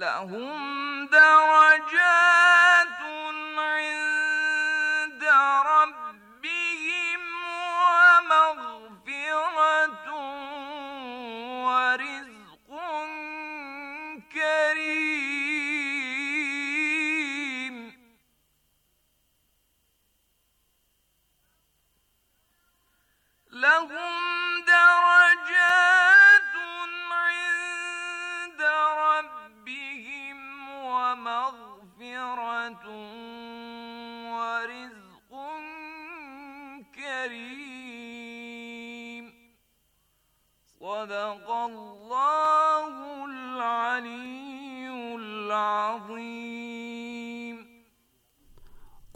lahum darajat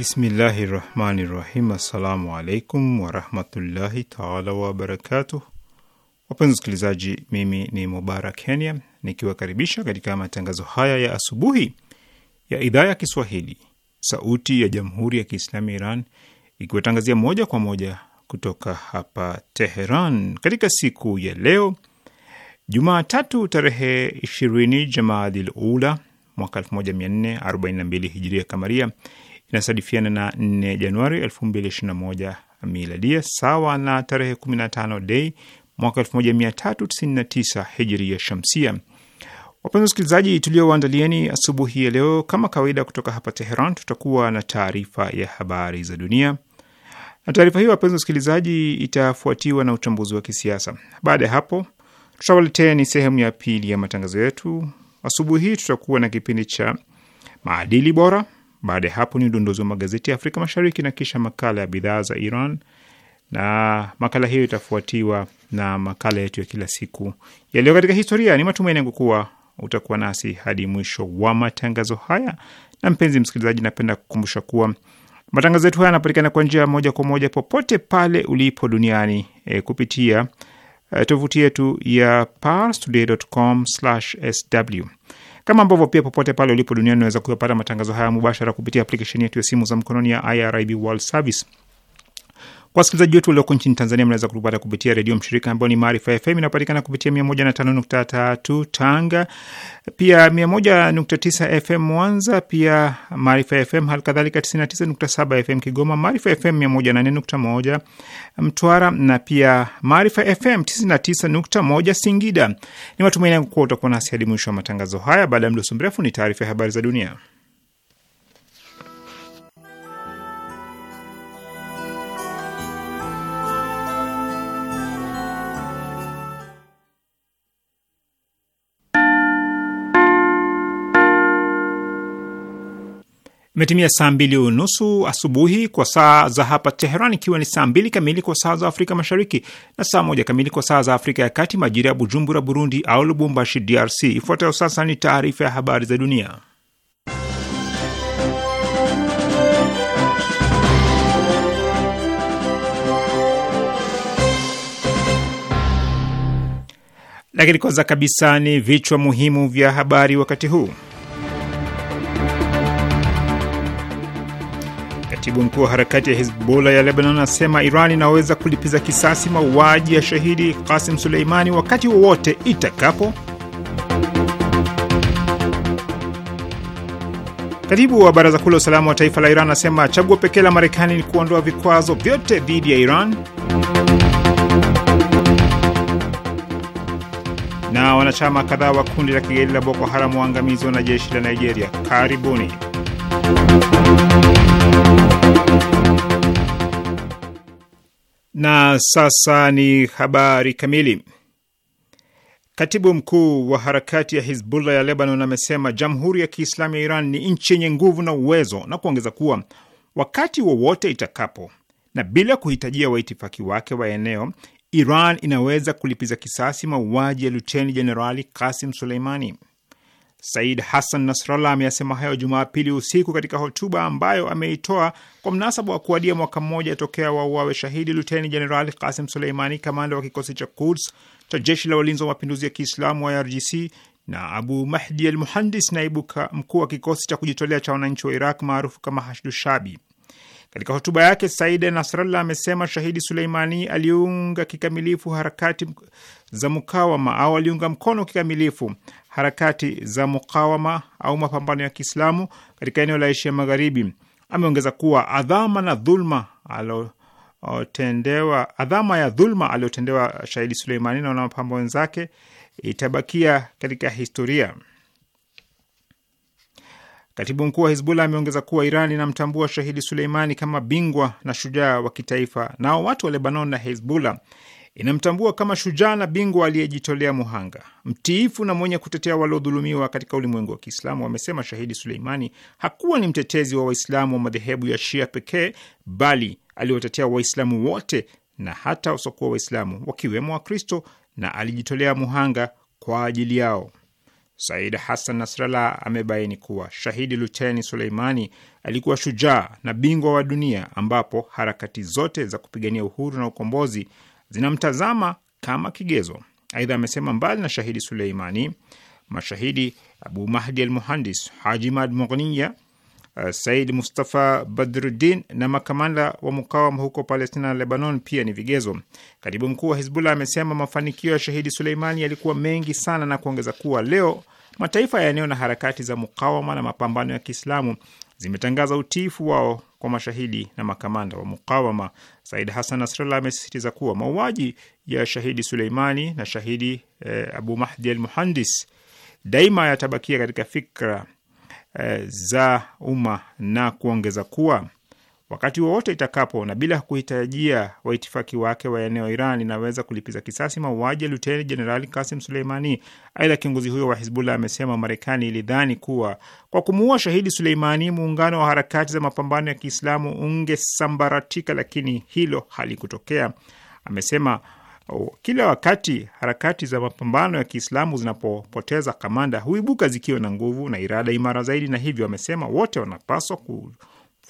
Bismillahi rahmani rahim. Assalamu alaikum warahmatullahi taala wabarakatuh. Wapenzi wasikilizaji, mimi ni Mubarak Kenya nikiwakaribisha katika matangazo haya ya asubuhi ya idhaa ya Kiswahili sauti ya jamhuri ya Kiislami ya Iran ikiwatangazia moja kwa moja kutoka hapa Teheran katika siku ya leo Jumatatu tarehe 20 Jamaadil Ula mwaka 1442 Hijiria Kamaria, inasadifiana na 4 Januari 2021 miladia, sawa na tarehe 15 Dei mwaka 1399 hijria shamsia. Wapenzi wasikilizaji, tuliowaandalieni asubuhi ya leo, kama kawaida, kutoka hapa Teheran, tutakuwa na taarifa ya habari za dunia, na taarifa hiyo, wapenzi wasikilizaji, itafuatiwa na uchambuzi wa kisiasa. Baada ya hapo, tutawaletea ni sehemu ya pili ya matangazo yetu. Asubuhi hii tutakuwa na kipindi cha maadili bora baada ya hapo ni udondozi wa magazeti ya Afrika Mashariki na kisha makala ya bidhaa za Iran, na makala hiyo itafuatiwa na makala yetu ya kila siku yaliyo katika historia. Ni matumaini yangu kuwa utakuwa nasi hadi mwisho wa matangazo haya. Na mpenzi msikilizaji, napenda kukumbusha kuwa matangazo yetu haya yanapatikana kwa njia moja kwa moja popote pale ulipo duniani e, kupitia e, tovuti yetu ya parstoday.com/sw kama ambavyo pia popote pale ulipo duniani unaweza kuyapata matangazo haya mubashara kupitia aplikesheni yetu ya simu za mkononi ya IRIB World Service. Kwa wasikilizaji wetu walioko nchini Tanzania, mnaweza kutupata kupitia redio mshirika ambayo ni Maarifa FM, inapatikana kupitia 105.3 Tanga, pia 101.9 FM Mwanza, pia Maarifa FM hali kadhalika 99.7 FM Kigoma, Maarifa FM 104.1 Mtwara na pia Maarifa FM 99.1 Singida. Ni matumaini yangu kuwa utakuwa nasi hadi mwisho wa matangazo haya. Baada ya mdoso mrefu, ni taarifa ya habari za dunia. Imetimia saa mbili unusu asubuhi kwa saa za hapa Teheran, ikiwa ni saa mbili kamili kwa saa za Afrika Mashariki na saa moja kamili kwa saa za Afrika ya Kati, majira ya Bujumbura, Burundi au Lubumbashi, DRC. Ifuatayo sasa ni taarifa ya habari za dunia, lakini kwanza kabisa ni vichwa muhimu vya habari wakati huu. Katibu mkuu wa harakati ya Hizbullah ya Lebanon anasema Iran inaweza kulipiza kisasi mauaji ya shahidi Kasim Suleimani wakati wowote itakapo. Katibu wa baraza kuu la usalama wa taifa la Iran anasema chaguo pekee la Marekani ni kuondoa vikwazo vyote dhidi ya Iran. Na wanachama kadhaa wa kundi la kigaidi la Boko Haram waangamizwa na jeshi la Nigeria. Karibuni. Na sasa ni habari kamili. Katibu mkuu wa harakati ya Hizbullah ya Lebanon amesema Jamhuri ya Kiislamu ya Iran ni nchi yenye nguvu na uwezo, na kuongeza kuwa wakati wowote wa itakapo na bila kuhitajia waitifaki wake wa eneo, Iran inaweza kulipiza kisasi mauaji ya luteni jenerali Kasim Suleimani. Said Hassan Nasrallah ameyasema hayo Jumapili usiku katika hotuba ambayo ameitoa kwa mnasaba wa kuadia mwaka mmoja tokea wauawe shahidi Luteni Jenerali Kasim Suleimani, kamanda wa kikosi cha Quds cha jeshi la walinzi wa mapinduzi ya Kiislamu wa IRGC na Abu Mahdi al Muhandis, naibu mkuu wa kikosi cha kujitolea cha wananchi wa Iraq maarufu kama Hashdushabi. Katika hotuba yake Said Nasrallah amesema shahidi Suleimani aliunga kikamilifu harakati za mukawama au aliunga mkono kikamilifu harakati za mukawama au mapambano ya Kiislamu katika eneo la Asia Magharibi. Ameongeza kuwa adhama na dhulma alotendewa, adhama ya dhulma aliyotendewa shahidi Suleimani na wanamapambano wenzake itabakia katika historia. Katibu mkuu wa Hizbullah ameongeza kuwa Iran inamtambua shahidi Suleimani kama bingwa na shujaa wa kitaifa. Nao watu wa Lebanon na Hizbullah inamtambua kama shujaa na bingwa aliyejitolea muhanga, mtiifu na mwenye kutetea waliodhulumiwa katika ulimwengu wa Kiislamu. Wamesema shahidi Suleimani hakuwa ni mtetezi wa Waislamu wa madhehebu ya Shia pekee, bali aliwatetea Waislamu wote na hata wasiokuwa Waislamu, wakiwemo Wakristo, na alijitolea muhanga kwa ajili yao. Said Hassan Nasrallah amebaini kuwa shahidi luteni Suleimani alikuwa shujaa na bingwa wa dunia, ambapo harakati zote za kupigania uhuru na ukombozi zinamtazama kama kigezo. Aidha amesema mbali na shahidi Suleimani, mashahidi Abu Mahdi al Muhandis, Haji Mad Mughniya, uh, Said Mustafa Badruddin na makamanda wa mukawama huko Palestina na Lebanon pia ni vigezo. Katibu mkuu wa Hizbullah amesema mafanikio ya shahidi Suleimani yalikuwa mengi sana na kuongeza kuwa leo mataifa ya eneo na harakati za mukawama na mapambano ya Kiislamu zimetangaza utiifu wao kwa mashahidi na makamanda wa mukawama. Said Hassan Nasrallah amesisitiza kuwa mauaji ya shahidi Suleimani na shahidi eh, Abu Mahdi al Muhandis daima yatabakia katika fikra eh, za umma na kuongeza kuwa wakati wowote itakapo na bila kuhitajia waitifaki wake wa eneo. Iran inaweza kulipiza kisasi mauaji ya luteni jenerali Kasim Suleimani. Aidha, kiongozi huyo wa Hizbullah amesema Marekani ilidhani kuwa kwa kumuua shahidi Suleimani muungano wa harakati za mapambano ya Kiislamu ungesambaratika, lakini hilo halikutokea. Amesema kila wakati harakati za mapambano ya Kiislamu zinapopoteza kamanda huibuka zikiwa na nguvu na irada imara zaidi, na hivyo amesema wote wanapaswa ku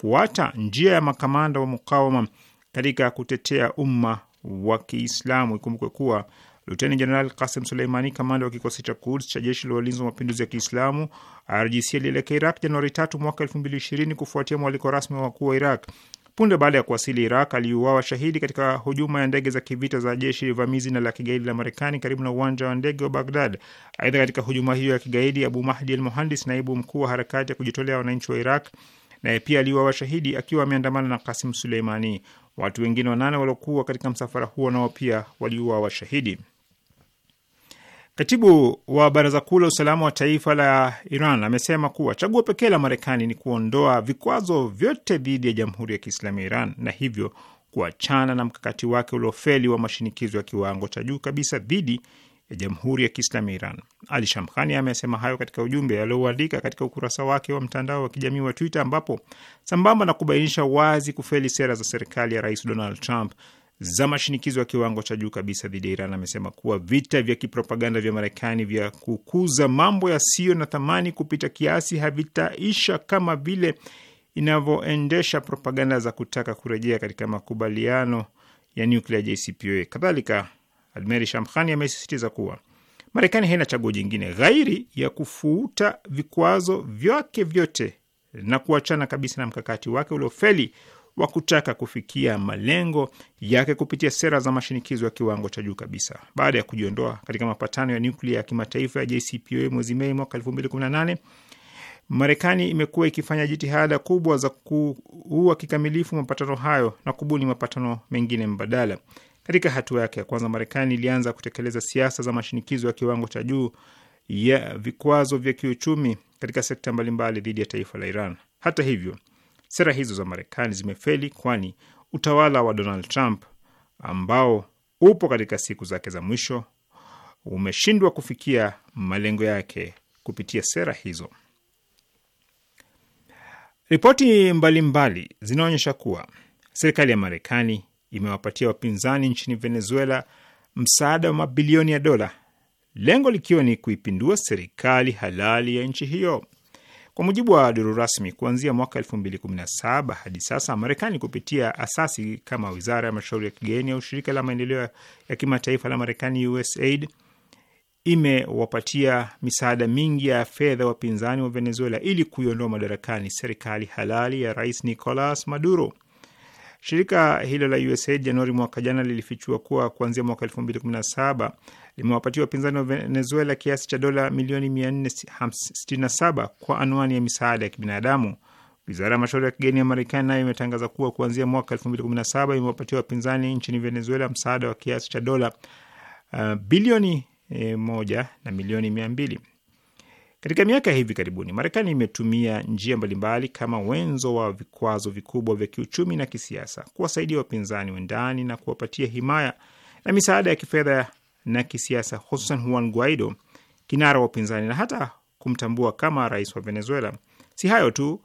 kufuata njia ya makamanda wa mukawama katika kutetea umma wa Kiislamu. Ikumbukwe kuwa Luteni Jenerali Kasim Suleimani, kamanda wa kikosi cha Kuds cha jeshi la walinzi wa mapinduzi ya Kiislamu RGC, alielekea Iraq Januari tatu mwaka elfu mbili ishirini kufuatia mwaliko rasmi wa wakuu wa Iraq. Punde baada ya kuwasili Iraq, aliuawa shahidi katika hujuma ya ndege za kivita za jeshi vamizi na la kigaidi la Marekani karibu na uwanja wa ndege wa Baghdad. Aidha, katika hujuma hiyo ya kigaidi, Abu Mahdi al Muhandis, naibu mkuu wa harakati ya kujitolea wananchi wa Iraq naye pia aliwa shahidi akiwa ameandamana na Kasim Suleimani. Watu wengine wanane waliokuwa katika msafara huo nao pia waliuwa shahidi. Katibu wa Baraza Kuu la Usalama wa Taifa la Iran amesema kuwa chaguo pekee la Marekani ni kuondoa vikwazo vyote dhidi ya Jamhuri ya Kiislamu ya Iran na hivyo kuachana na mkakati wake uliofeli wa mashinikizo ya kiwango cha juu kabisa dhidi ya Jamhuri ya Kiislami ya Iran. Ali Shamkhani amesema hayo katika ujumbe aliouandika katika ukurasa wake wa mtandao wa kijamii wa Twitter, ambapo sambamba na kubainisha wazi kufeli sera za serikali ya Rais Donald Trump za mashinikizo ya kiwango cha juu kabisa dhidi ya Iran, amesema kuwa vita vya kipropaganda vya Marekani vya kukuza mambo yasiyo na thamani kupita kiasi havitaisha kama vile inavyoendesha propaganda za kutaka kurejea katika makubaliano ya nuklia JCPOA. Kadhalika Admeri Shamkhani amesisitiza kuwa Marekani haina chaguo jingine ghairi ya kufuta vikwazo vyake vyote na kuachana kabisa na mkakati wake uliofeli wa kutaka kufikia malengo yake kupitia sera za mashinikizo ya kiwango cha juu kabisa. Baada ya kujiondoa katika mapatano ya nuklia ya kimataifa ya JCPOA mwezi Mei mwaka 2018, Marekani imekuwa ikifanya jitihada kubwa za kuua kikamilifu mapatano hayo na kubuni mapatano mengine mbadala. Katika hatua yake ya kwanza, Marekani ilianza kutekeleza siasa za mashinikizo ya kiwango cha juu ya vikwazo vya kiuchumi katika sekta mbalimbali dhidi ya taifa la Iran. Hata hivyo, sera hizo za Marekani zimefeli, kwani utawala wa Donald Trump ambao upo katika siku zake za mwisho umeshindwa kufikia malengo yake kupitia sera hizo. Ripoti mbalimbali zinaonyesha kuwa serikali ya Marekani imewapatia wapinzani nchini Venezuela msaada wa mabilioni ya dola, lengo likiwa ni kuipindua serikali halali ya nchi hiyo. Kwa mujibu wa duru rasmi, kuanzia mwaka 2017 hadi sasa, Marekani kupitia asasi kama wizara ya mashauri ya kigeni au shirika la maendeleo ya kimataifa la Marekani, USAID, imewapatia misaada mingi ya fedha wapinzani wa Venezuela ili kuiondoa madarakani serikali halali ya Rais Nicolas Maduro. Shirika hilo la USAID Januari mwaka jana lilifichua kuwa kuanzia mwaka 2017 limewapatia wapinzani wa Venezuela kiasi cha dola milioni 467 kwa anwani ya misaada ya kibinadamu. Wizara ya mashauri ya kigeni ya Marekani nayo imetangaza kuwa kuanzia mwaka 2017 imewapatia wapinzani nchini Venezuela msaada wa kiasi cha dola uh, bilioni eh, moja na milioni mia mbili. Katika miaka ya hivi karibuni, Marekani imetumia njia mbalimbali kama wenzo wa vikwazo vikubwa vya kiuchumi na kisiasa kuwasaidia wapinzani wa ndani na kuwapatia himaya na misaada ya kifedha na kisiasa, hususan Juan Guaido, kinara wa upinzani, na hata kumtambua kama rais wa Venezuela. Si hayo tu,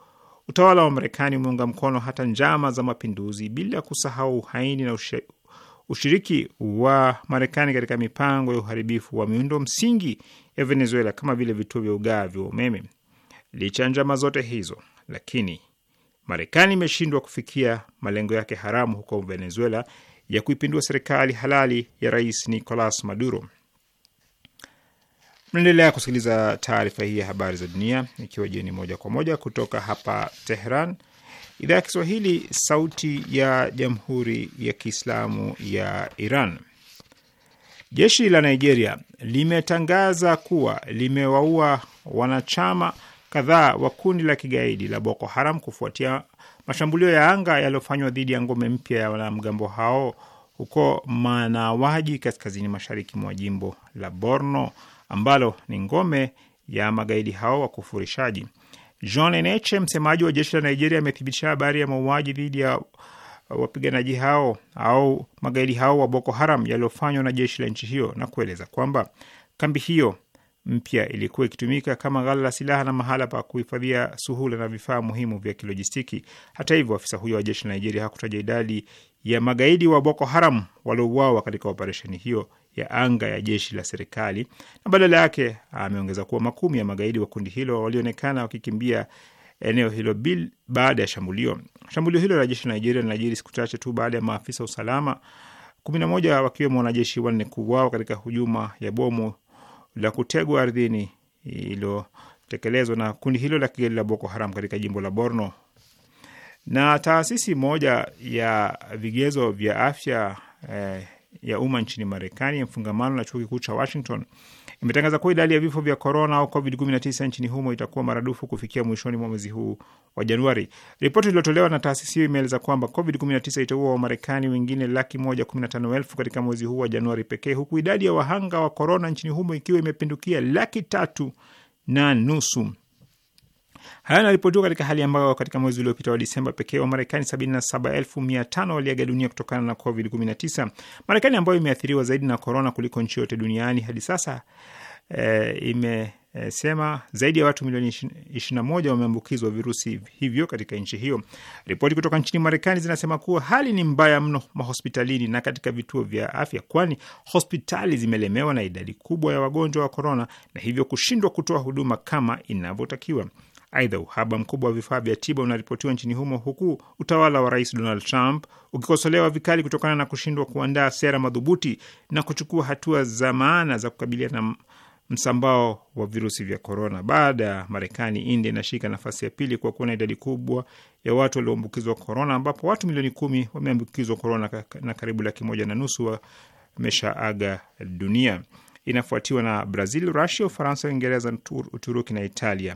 utawala wa Marekani umeunga mkono hata njama za mapinduzi, bila kusahau uhaini na ushiriki wa Marekani katika mipango ya uharibifu wa miundo msingi ya Venezuela kama vile vituo vya ugavi wa umeme. Licha ya njama zote hizo, lakini Marekani imeshindwa kufikia malengo yake haramu huko Venezuela ya kuipindua serikali halali ya Rais Nicolas Maduro. Mnaendelea kusikiliza taarifa hii ya habari za dunia, ikiwa jioni moja kwa moja kutoka hapa teheran Idhaa ya Kiswahili, Sauti ya Jamhuri ya Kiislamu ya Iran. Jeshi la Nigeria limetangaza kuwa limewaua wanachama kadhaa wa kundi la kigaidi la Boko Haram kufuatia mashambulio ya anga yaliyofanywa dhidi ya ngome mpya ya wanamgambo hao huko Manawaji, kaskazini mashariki mwa jimbo la Borno ambalo ni ngome ya magaidi hao wakufurishaji. John Eneche, msemaji wa jeshi la Nigeria, amethibitisha habari ya mauaji dhidi ya wapiganaji hao au magaidi hao wa Boko Haram yaliyofanywa na jeshi la nchi hiyo na kueleza kwamba kambi hiyo mpya ilikuwa ikitumika kama ghala la silaha na mahala pa kuhifadhia suhula na vifaa muhimu vya kilojistiki. Hata hivyo, afisa huyo wa jeshi la Nigeria hakutaja idadi ya magaidi wa Boko Haram waliouawa katika operesheni hiyo ya anga ya jeshi la serikali, na badala yake ameongeza kuwa makumi ya magaidi wa kundi hilo walionekana wakikimbia eneo hilo bil baada ya shambulio. Shambulio hilo la jeshi la Nigeria linajiri siku chache tu baada ya maafisa wa usalama kumi na moja wakiwemo wanajeshi wanne kuuawa katika hujuma ya bomu la kutegwa ardhini iliyotekelezwa na kundi hilo la kigaidi la Boko Haram katika jimbo la Borno. Na taasisi moja ya vigezo vya afya eh, ya umma nchini Marekani ya mfungamano na chuo kikuu cha Washington imetangaza kuwa idadi ya vifo vya korona au COVID-19 nchini humo itakuwa maradufu kufikia mwishoni mwa mwezi huu wa Januari. Ripoti iliyotolewa na taasisi hiyo imeeleza kwamba COVID-19 itaua Wamarekani wengine laki moja kumi na tano elfu katika mwezi huu wa Januari pekee, huku idadi ya wahanga wa korona nchini humo ikiwa imepindukia laki tatu na nusu. Haya yanaripotiwa katika hali ambayo katika mwezi uliopita wa Disemba pekee Wamarekani 77,500 waliaga dunia kutokana na COVID-19. Marekani ambayo imeathiriwa zaidi na korona kuliko nchi yote duniani hadi sasa e, imesema e, zaidi ya watu milioni 21 wameambukizwa virusi hivyo katika nchi hiyo. Ripoti kutoka nchini Marekani zinasema kuwa hali ni mbaya mno mahospitalini na katika vituo vya afya, kwani hospitali zimelemewa na idadi kubwa ya wagonjwa wa korona na hivyo kushindwa kutoa huduma kama inavyotakiwa. Aidha, uhaba mkubwa wa vifaa vya tiba unaripotiwa nchini humo, huku utawala wa Rais Donald Trump ukikosolewa vikali kutokana na kushindwa kuandaa sera madhubuti na kuchukua hatua za maana za kukabiliana na msambao wa virusi vya korona. Baada ya Marekani, India inashika nafasi ya pili kwa kuwa na idadi kubwa ya watu walioambukizwa korona, ambapo watu milioni kumi wameambukizwa korona na karibu laki moja na nusu wameshaaga dunia. Inafuatiwa na Brazil, Rusia, Ufaransa, Uingereza, Uturuki na Italia.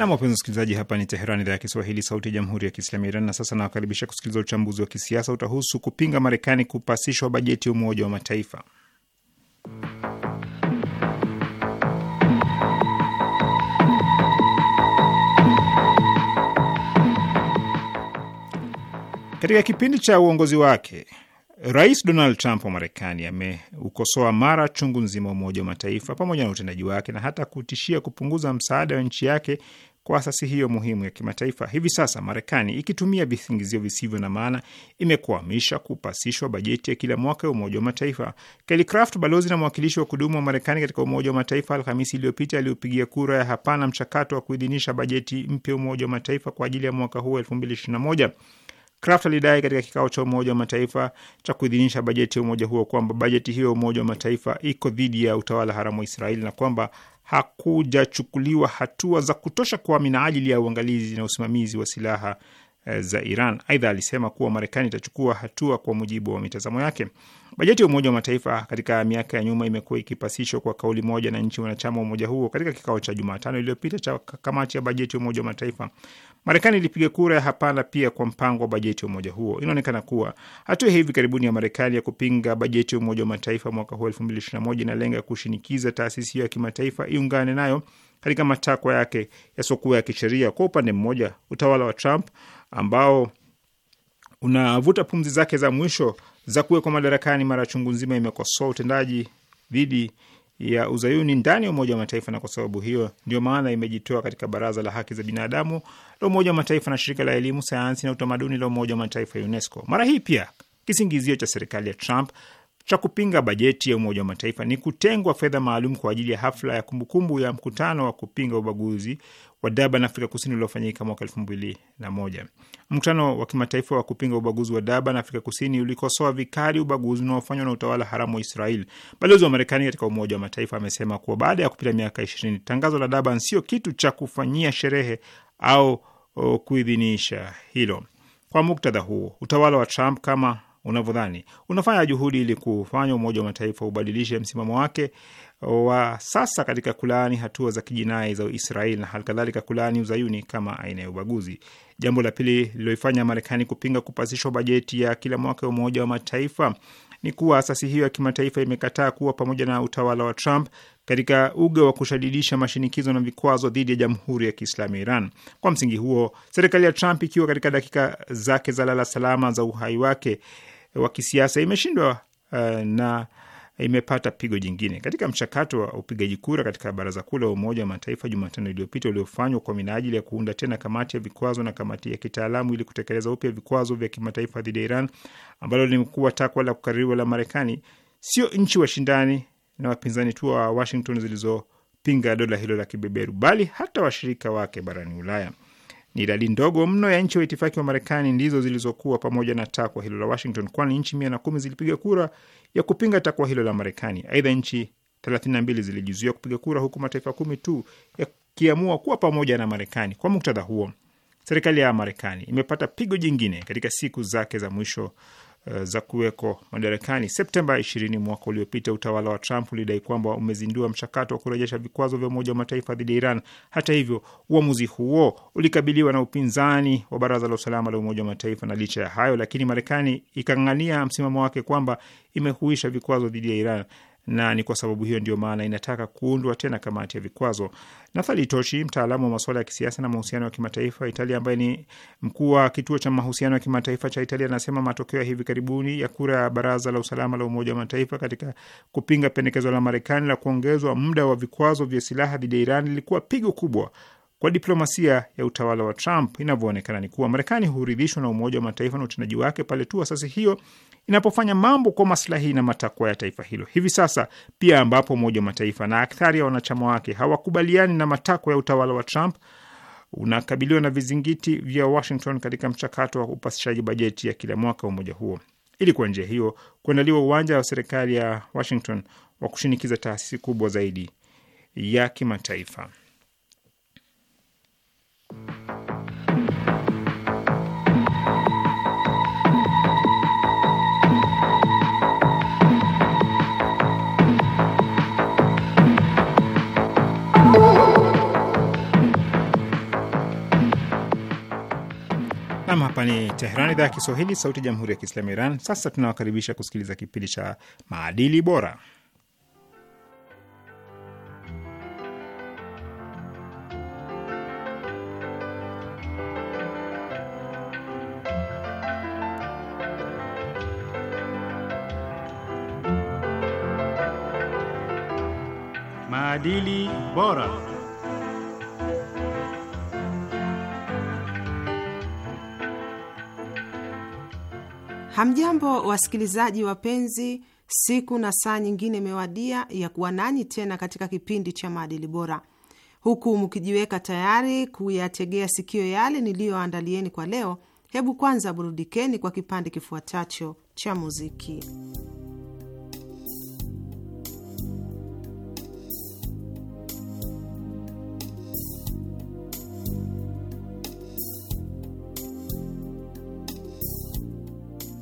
Nam, wapenzi wasikilizaji, hapa ni teheran idhaa ya Kiswahili, sauti ya jamhuri ya kiislamu ya Iran. Na sasa nawakaribisha kusikiliza uchambuzi wa kisiasa. Utahusu kupinga Marekani kupasishwa bajeti ya Umoja wa Mataifa. Katika kipindi cha uongozi wake Rais Donald Trump wa Marekani ameukosoa mara chungu nzima Umoja wa Mataifa pamoja na utendaji wake na hata kutishia kupunguza msaada wa nchi yake kwa asasi hiyo muhimu ya kimataifa. Hivi sasa Marekani ikitumia visingizio visivyo na maana imekwamisha kupasishwa bajeti ya kila mwaka ya Umoja wa Mataifa. Kelly Craft, balozi na mwakilishi wa kudumu wa Marekani katika Umoja wa Mataifa, Alhamisi iliyopita aliupigia kura ya hapana mchakato wa kuidhinisha bajeti mpya Umoja wa Mataifa kwa ajili ya mwaka huu 2021. Kraft alidai katika kikao cha Umoja wa Mataifa cha kuidhinisha bajeti ya umoja huo kwamba bajeti hiyo ya Umoja wa Mataifa iko dhidi ya utawala haramu wa Israeli na kwamba hakujachukuliwa hatua za kutosha kwa minajili ya uangalizi na usimamizi wa silaha Eh, za Iran. Aidha, alisema kuwa Marekani itachukua hatua kwa mujibu wa mitazamo yake. Bajeti ya Umoja wa Mataifa katika miaka ya nyuma imekuwa ikipasishwa kwa kauli moja na nchi wanachama wa umoja huo. Katika kikao cha Jumatano iliyopita cha kamati ya bajeti ya Umoja wa Mataifa, Marekani ilipiga kura ya hapana pia kwa mpango wa bajeti ya umoja huo. Inaonekana kuwa hatua hivi karibuni ya Marekani ya kupinga bajeti ya Umoja wa Mataifa mwaka huu elfu mbili moja inalenga kushinikiza taasisi hiyo ya kimataifa iungane nayo katika matakwa yake yasiokuwa ya kisheria. Kwa upande mmoja, utawala wa Trump ambao unavuta pumzi zake za mwisho za kuwekwa madarakani, mara chungu nzima imekosoa utendaji dhidi ya uzayuni ndani ya Umoja wa Mataifa, na kwa sababu hiyo ndio maana imejitoa katika Baraza la Haki za Binadamu la Umoja wa Mataifa na Shirika la Elimu, Sayansi na Utamaduni la Umoja wa Mataifa, UNESCO. Mara hii pia kisingizio cha serikali ya Trump cha kupinga bajeti ya Umoja wa Mataifa ni kutengwa fedha maalum kwa ajili ya hafla ya kumbukumbu ya mkutano wa kupinga ubaguzi wa Durban, Afrika Kusini uliofanyika mwaka elfu mbili na moja. Mkutano wa kimataifa wa kupinga ubaguzi wa Durban, Afrika Kusini ulikosoa vikali ubaguzi unaofanywa na utawala haramu wa Israel. Balozi wa Marekani katika Umoja wa Mataifa amesema kuwa baada ya kupita miaka ishirini, tangazo la Durban sio kitu cha kufanyia sherehe au kuidhinisha hilo. Kwa muktadha huo, utawala wa Trump kama unavyodhani unafanya juhudi ili kufanya Umoja wa Mataifa ubadilishe msimamo wake wa sasa katika kulaani hatua za kijinai za Israel na halikadhalika kulaani uzayuni kama aina ya ubaguzi. Jambo la pili lililoifanya Marekani kupinga kupasishwa bajeti ya kila mwaka ya Umoja wa Mataifa ni kuwa asasi hiyo ya kimataifa imekataa kuwa pamoja na utawala wa Trump katika uga wa kushadidisha mashinikizo na vikwazo dhidi ya Jamhuri ya Kiislamu ya Iran. Kwa msingi huo, serikali ya Trump ikiwa katika dakika zake za lala salama za uhai wake wa kisiasa imeshindwa uh, na imepata pigo jingine katika mchakato wa upigaji kura katika Baraza Kuu la Umoja wa Mataifa Jumatano iliyopita uliofanywa kwa minajili ya kuunda tena kamati ya vikwazo na kamati ya kitaalamu ili kutekeleza upya vikwazo vya kimataifa dhidi ya Iran ambalo limekuwa takwa la kukaririwa la Marekani. Sio nchi washindani na wapinzani tu wa Washington zilizopinga dola hilo la kibeberu, bali hata washirika wake barani Ulaya. Ni idadi ndogo mno ya nchi wa itifaki wa Marekani ndizo zilizokuwa pamoja na takwa hilo la Washington, kwani nchi mia na kumi zilipiga kura ya kupinga takwa hilo la Marekani. Aidha, nchi 32 zilijizuia kupiga kura, huku mataifa kumi tu yakiamua kuwa pamoja na Marekani. Kwa muktadha huo, serikali ya Marekani imepata pigo jingine katika siku zake za mwisho Eh, za kuweko madarakani. Septemba 20 mwaka uliopita, utawala wa Trump ulidai kwamba umezindua mchakato wa kurejesha vikwazo vya Umoja wa Mataifa dhidi ya Iran. Hata hivyo, uamuzi huo ulikabiliwa na upinzani wa Baraza la Usalama la Umoja wa Mataifa, na licha ya hayo, lakini Marekani ikang'ania msimamo wake kwamba imehuisha vikwazo dhidi ya Iran na ni kwa sababu hiyo ndio maana inataka kuundwa tena kamati ya vikwazo. Nathali Toshi, mtaalamu wa masuala ya kisiasa na mahusiano ya kimataifa Italia, ambaye ni mkuu wa kituo cha mahusiano ya kimataifa cha Italia, anasema matokeo ya hivi karibuni ya kura ya Baraza la Usalama la Umoja wa Mataifa katika kupinga pendekezo la Marekani la kuongezwa muda wa vikwazo vya silaha dhidi ya Iran lilikuwa pigo kubwa kwa diplomasia ya utawala wa Trump. Inavyoonekana ni kuwa Marekani huridhishwa na Umoja wa Mataifa na utendaji wake pale tu asasi hiyo inapofanya mambo kwa maslahi na matakwa ya taifa hilo. Hivi sasa pia, ambapo Umoja wa Mataifa na akthari ya wanachama wake hawakubaliani na matakwa ya utawala wa Trump, unakabiliwa na vizingiti vya Washington katika mchakato wa upasishaji bajeti ya kila mwaka wa umoja huo. Ili kwa njia hiyo kuandaliwa uwanja wa serikali ya Washington wa kushinikiza taasisi kubwa zaidi ya kimataifa. Nam, hapa ni Teheran, idhaa ya Kiswahili, sauti ya jamhuri ya kiislamu Iran. Sasa tunawakaribisha kusikiliza kipindi cha maadili bora. Maadili bora. Hamjambo, wasikilizaji wapenzi, siku na saa nyingine imewadia ya kuwa nanyi tena katika kipindi cha maadili bora, huku mkijiweka tayari kuyategea sikio yale niliyoandalieni kwa leo. Hebu kwanza burudikeni kwa kipande kifuatacho cha muziki.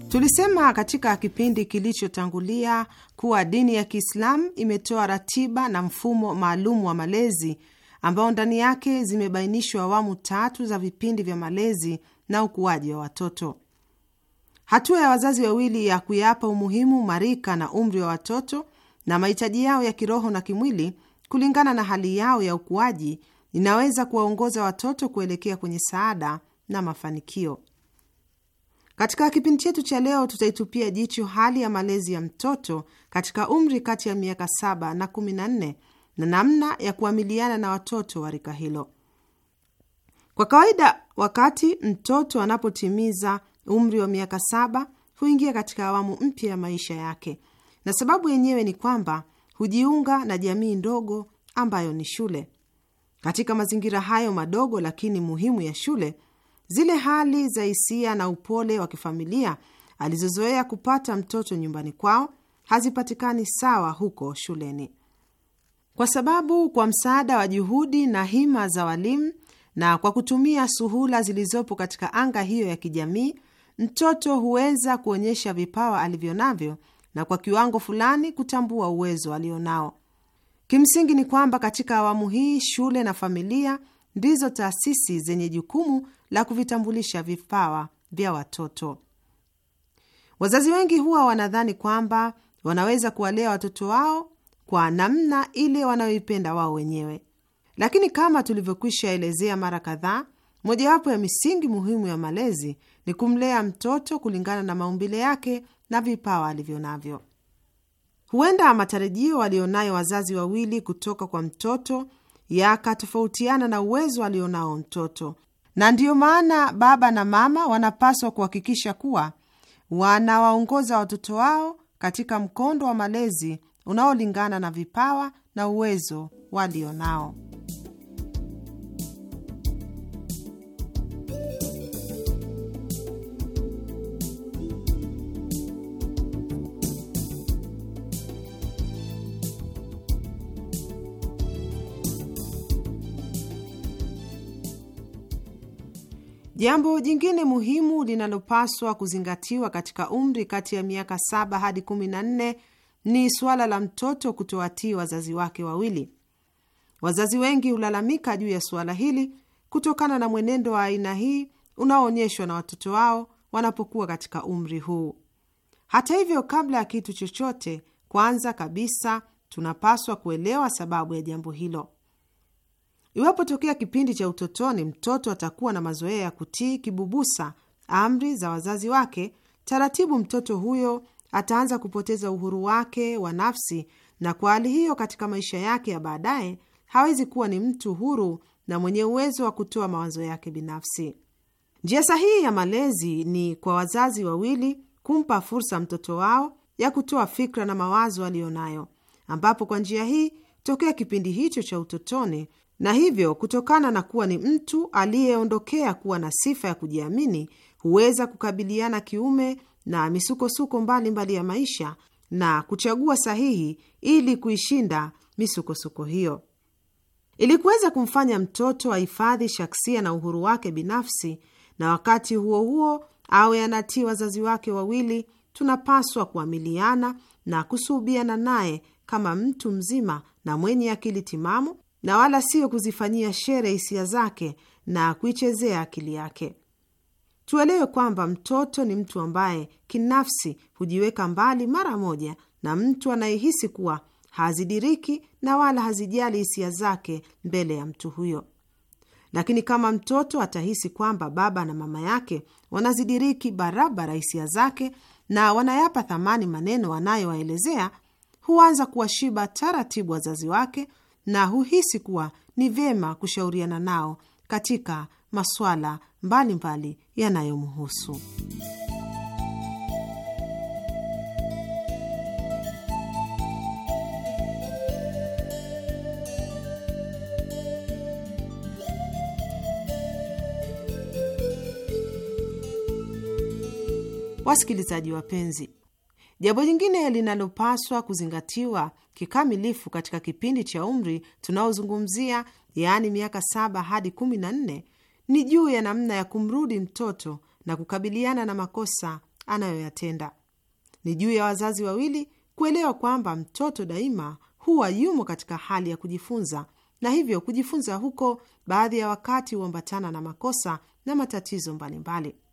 Tulisema katika kipindi kilichotangulia kuwa dini ya Kiislamu imetoa ratiba na mfumo maalum wa malezi ambao ndani yake zimebainishwa awamu tatu za vipindi vya malezi na ukuaji wa watoto. Hatua ya wazazi wawili ya kuyapa umuhimu marika na umri wa watoto na mahitaji yao ya kiroho na kimwili kulingana na hali yao ya ukuaji inaweza kuwaongoza watoto kuelekea kwenye saada na mafanikio. Katika kipindi chetu cha leo tutaitupia jicho hali ya malezi ya mtoto katika umri kati ya miaka saba na kumi na nne na namna ya kuamiliana na watoto wa rika hilo. Kwa kawaida, wakati mtoto anapotimiza umri wa miaka saba huingia katika awamu mpya ya maisha yake, na sababu yenyewe ni kwamba hujiunga na jamii ndogo ambayo ni shule. Katika mazingira hayo madogo lakini muhimu ya shule Zile hali za hisia na upole wa kifamilia alizozoea kupata mtoto nyumbani kwao hazipatikani sawa huko shuleni, kwa sababu kwa msaada wa juhudi na hima za walimu na kwa kutumia suhula zilizopo katika anga hiyo ya kijamii, mtoto huweza kuonyesha vipawa alivyo navyo na kwa kiwango fulani kutambua uwezo alionao. Kimsingi ni kwamba katika awamu hii shule na familia ndizo taasisi zenye jukumu la kuvitambulisha vipawa vya watoto. Wazazi wengi huwa wanadhani kwamba wanaweza kuwalea watoto wao kwa namna ile wanayoipenda wao wenyewe, lakini kama tulivyokwisha elezea mara kadhaa, mojawapo ya misingi muhimu ya malezi ni kumlea mtoto kulingana na maumbile yake na vipawa alivyo navyo. Huenda matarajio walionayo wazazi wawili kutoka kwa mtoto yakatofautiana na uwezo alionao mtoto, na ndiyo maana baba na mama wanapaswa kuhakikisha kuwa wanawaongoza watoto wao katika mkondo wa malezi unaolingana na vipawa na uwezo walio nao. Jambo jingine muhimu linalopaswa kuzingatiwa katika umri kati ya miaka saba hadi kumi na nne ni suala la mtoto kutowatii wazazi wake wawili. Wazazi wengi hulalamika juu ya suala hili kutokana na mwenendo wa aina hii unaoonyeshwa na watoto wao wanapokuwa katika umri huu. Hata hivyo, kabla ya kitu chochote, kwanza kabisa tunapaswa kuelewa sababu ya jambo hilo. Iwapo tokea kipindi cha utotoni mtoto atakuwa na mazoea ya kutii kibubusa amri za wazazi wake, taratibu mtoto huyo ataanza kupoteza uhuru wake wa nafsi, na kwa hali hiyo, katika maisha yake ya baadaye hawezi kuwa ni mtu huru na mwenye uwezo wa kutoa mawazo yake binafsi. Njia sahihi ya malezi ni kwa wazazi wawili kumpa fursa mtoto wao ya kutoa fikra na mawazo aliyo nayo ambapo kwa njia hii tokea kipindi hicho cha utotoni na hivyo kutokana na kuwa ni mtu aliyeondokea kuwa na sifa ya kujiamini, huweza kukabiliana kiume na misukosuko mbalimbali ya maisha na kuchagua sahihi ili kuishinda misukosuko hiyo. Ili kuweza kumfanya mtoto ahifadhi shaksia na uhuru wake binafsi, na wakati huo huo awe anatii wazazi wake wawili, tunapaswa kuamiliana na kusuhubiana naye kama mtu mzima na mwenye akili timamu na wala sio kuzifanyia shere hisia zake na kuichezea akili yake. Tuelewe kwamba mtoto ni mtu ambaye kinafsi hujiweka mbali mara moja na mtu anayehisi kuwa hazidiriki na wala hazijali hisia zake mbele ya mtu huyo. Lakini kama mtoto atahisi kwamba baba na mama yake wanazidiriki barabara hisia zake na wanayapa thamani maneno anayowaelezea, huanza kuwashiba taratibu wazazi wake na huhisi kuwa ni vyema kushauriana nao katika masuala mbalimbali yanayomhusu. Wasikilizaji wapenzi, Jambo jingine linalopaswa kuzingatiwa kikamilifu katika kipindi cha umri tunaozungumzia, yaani miaka saba hadi kumi na nne, ni juu ya namna ya kumrudi mtoto na kukabiliana na makosa anayoyatenda. Ni juu ya wazazi wawili kuelewa kwamba mtoto daima huwa yumo katika hali ya kujifunza, na hivyo kujifunza huko baadhi ya wakati huambatana na makosa na matatizo mbalimbali mbali.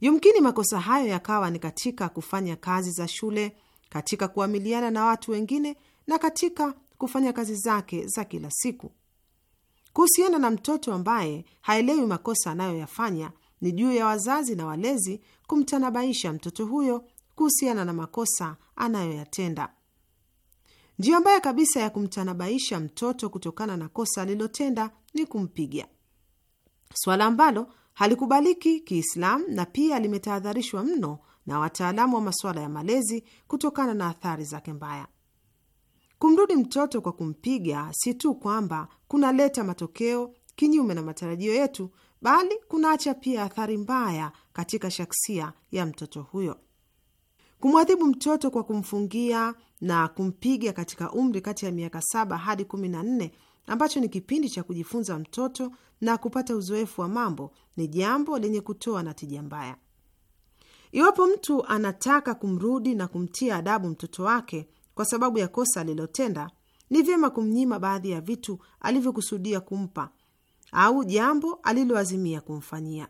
Yumkini makosa hayo yakawa ni katika kufanya kazi za shule, katika kuamiliana na watu wengine na katika kufanya kazi zake za kila siku. Kuhusiana na mtoto ambaye haelewi makosa anayoyafanya, ni juu ya wazazi na walezi kumtanabaisha mtoto huyo kuhusiana na makosa anayoyatenda. Njia mbaya kabisa ya kumtanabaisha mtoto kutokana na kosa alilotenda ni kumpiga, swala ambalo halikubaliki Kiislamu na pia limetahadharishwa mno na wataalamu wa masuala ya malezi kutokana na athari zake mbaya. Kumrudi mtoto kwa kumpiga si tu kwamba kunaleta matokeo kinyume na matarajio yetu, bali kunaacha pia athari mbaya katika shaksia ya mtoto huyo. Kumwadhibu mtoto kwa kumfungia na kumpiga katika umri kati ya miaka saba hadi kumi na nne ambacho ni kipindi cha kujifunza mtoto na kupata uzoefu wa mambo, ni jambo lenye kutoa na tija mbaya. Iwapo mtu anataka kumrudi na kumtia adabu mtoto wake kwa sababu ya kosa alilotenda, ni vyema kumnyima baadhi ya vitu alivyokusudia kumpa au jambo aliloazimia kumfanyia.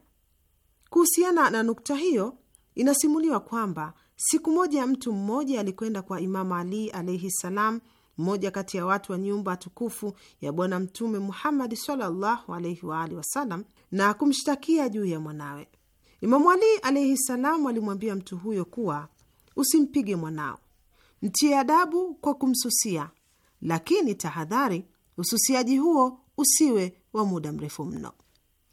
Kuhusiana na nukta hiyo, inasimuliwa kwamba siku moja mtu mmoja alikwenda kwa Imamu Ali alaihi salam mmoja kati ya watu wa nyumba tukufu ya Bwana Mtume Muhammadi sallallahu alaihi na kumshtakia juu ya mwanawe. Imamu Ali alaihi salam alimwambia mtu huyo kuwa usimpige mwanao, mtie adabu kwa kumsusia, lakini tahadhari, ususiaji huo usiwe wa muda mrefu mno.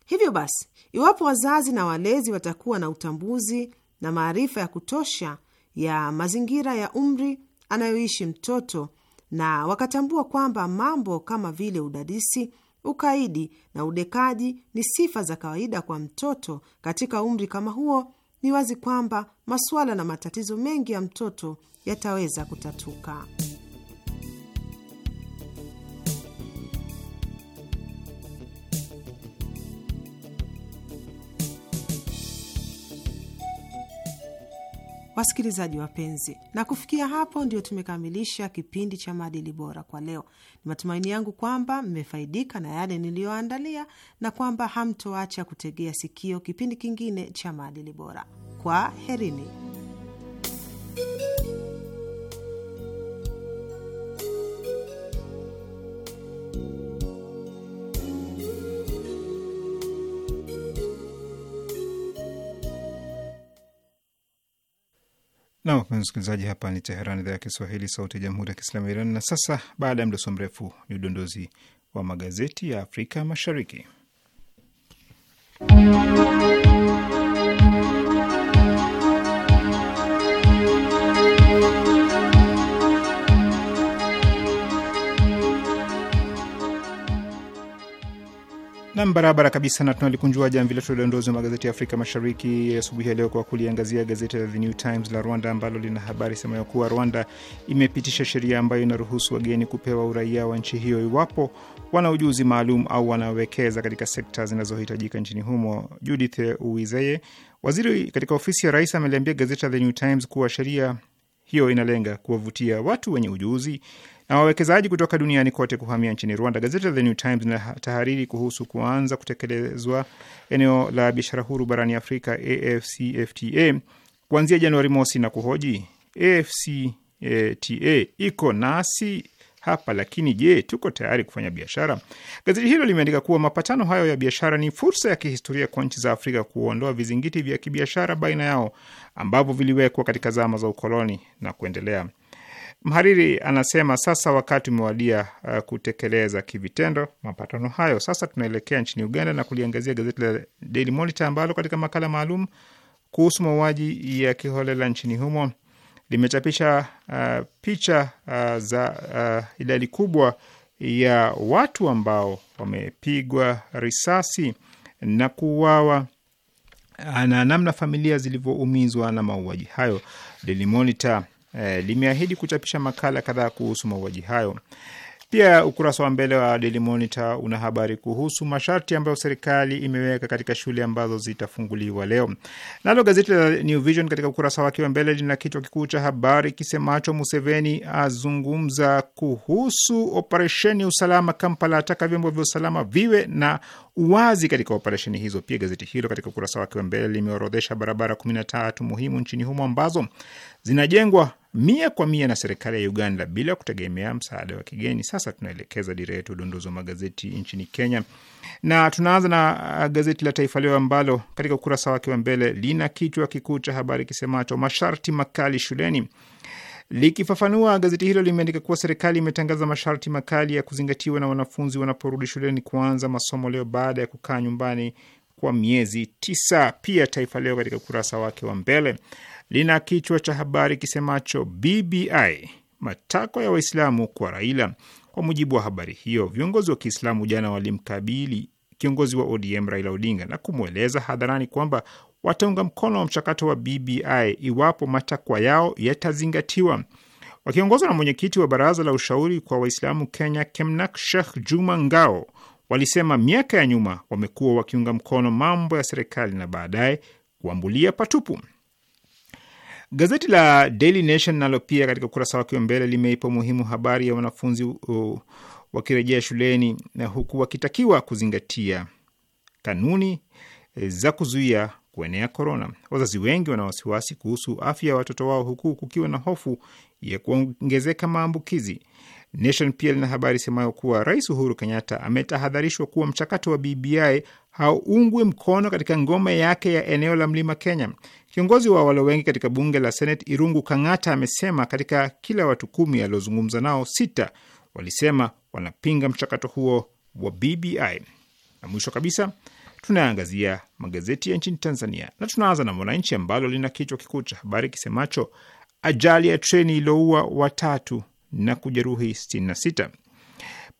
Hivyo basi, iwapo wazazi na walezi watakuwa na utambuzi na maarifa ya kutosha ya mazingira ya umri anayoishi mtoto na wakatambua kwamba mambo kama vile udadisi, ukaidi na udekaji ni sifa za kawaida kwa mtoto katika umri kama huo, ni wazi kwamba masuala na matatizo mengi ya mtoto yataweza kutatuka. Wasikilizaji wapenzi, na kufikia hapo ndio tumekamilisha kipindi cha maadili bora kwa leo. Ni matumaini yangu kwamba mmefaidika na yale niliyoandalia na kwamba hamtoacha kutegea sikio kipindi kingine cha maadili bora. Kwa herini. nam wapenzi msikilizaji, hapa ni Teheran, idhaa ya Kiswahili, sauti ya jamhuri ya kiislamu ya Iran. Na sasa baada ya mdoso mrefu ni udondozi wa magazeti ya Afrika Mashariki. Nam barabara kabisa, na tunalikunjua jamvi letu udondozi wa magazeti ya Afrika Mashariki asubuhi ya leo kwa kuliangazia gazeti la The New Times la Rwanda ambalo lina habari ya kuwa Rwanda imepitisha sheria ambayo inaruhusu wageni kupewa uraia wa nchi hiyo iwapo wana ujuzi maalum au wanawekeza katika sekta zinazohitajika nchini humo. Judith Uizeye, waziri katika ofisi ya rais, ameliambia gazeti la The New Times kuwa sheria hiyo inalenga kuwavutia watu wenye ujuzi na wawekezaji kutoka duniani kote kuhamia nchini Rwanda. Gazeti la The New Times linatahariri kuhusu kuanza kutekelezwa eneo la biashara huru barani Afrika, AfCFTA, kuanzia Januari mosi na kuhoji AfCFTA iko nasi hapa lakini, je, tuko tayari kufanya biashara? Gazeti hilo limeandika kuwa mapatano hayo ya biashara ni fursa ya kihistoria kwa nchi za Afrika kuondoa vizingiti vya kibiashara baina yao ambavyo viliwekwa katika zama za ukoloni na kuendelea. Mhariri anasema sasa wakati umewadia uh, kutekeleza kivitendo mapatano hayo. Sasa tunaelekea nchini Uganda na kuliangazia gazeti la Daily Monitor ambalo katika makala maalum kuhusu mauaji ya kiholela nchini humo limechapisha uh, picha uh, za uh, idadi kubwa ya watu ambao wamepigwa risasi na kuuawa uh, na namna familia zilivyoumizwa na mauaji hayo. Daily Monitor Eh, limeahidi kuchapisha makala kadhaa kuhusu mauaji hayo. Pia ukurasa wa mbele wa Daily Monitor una habari kuhusu masharti ambayo serikali imeweka katika shule ambazo zitafunguliwa leo. Nalo gazeti la New Vision katika ukurasa wake wa mbele lina kichwa kikuu cha habari kisemacho Museveni azungumza kuhusu operesheni ya usalama Kampala, ataka vyombo vya usalama viwe na uwazi katika operesheni hizo. Pia gazeti hilo katika ukurasa wake wa mbele limeorodhesha barabara kumi na tatu muhimu nchini humo ambazo zinajengwa mia kwa mia na serikali ya Uganda bila kutegemea msaada wa kigeni. Sasa tunaelekeza dira yetu udondozi wa magazeti nchini Kenya, na tunaanza na uh, gazeti la Taifa Leo ambalo katika ukurasa wake wa mbele lina kichwa kikuu cha habari kisemacho masharti makali shuleni. Likifafanua, gazeti hilo limeandika kuwa serikali imetangaza masharti makali ya kuzingatiwa na wanafunzi wanaporudi shuleni kuanza masomo leo baada ya kukaa nyumbani kwa miezi tisa. Pia Taifa Leo katika ukurasa wake wa mbele lina kichwa cha habari kisemacho BBI matakwa ya Waislamu kwa Raila. Kwa mujibu wa habari hiyo, viongozi wa Kiislamu jana walimkabili kiongozi wa ODM Raila Odinga na kumweleza hadharani kwamba wataunga mkono wa mchakato wa BBI iwapo matakwa yao yatazingatiwa. Wakiongozwa na mwenyekiti wa baraza la ushauri kwa Waislamu Kenya, Kemnak, Sheikh Juma Ngao walisema miaka ya nyuma wamekuwa wakiunga mkono mambo ya serikali na baadaye kuambulia patupu. Gazeti la Daily Nation nalo pia katika ukurasa wake wa mbele limeipa umuhimu habari ya wanafunzi wakirejea shuleni na huku wakitakiwa kuzingatia kanuni e, za kuzuia kuenea korona. Wazazi wengi wana wasiwasi kuhusu afya ya watoto wao huku kukiwa na hofu ya kuongezeka maambukizi. Nation pia lina habari semayo kuwa Rais Uhuru Kenyatta ametahadharishwa kuwa mchakato wa BBI haungwi mkono katika ngome yake ya eneo la mlima Kenya. Kiongozi wa walo wengi katika bunge la Senate Irungu Kang'ata amesema katika kila watu kumi aliozungumza nao, sita walisema wanapinga mchakato huo wa BBI. Na mwisho kabisa tunaangazia magazeti ya nchini Tanzania na tunaanza na Mwananchi ambalo lina kichwa kikuu cha habari kisemacho ajali ya treni iliyoua watatu na kujeruhi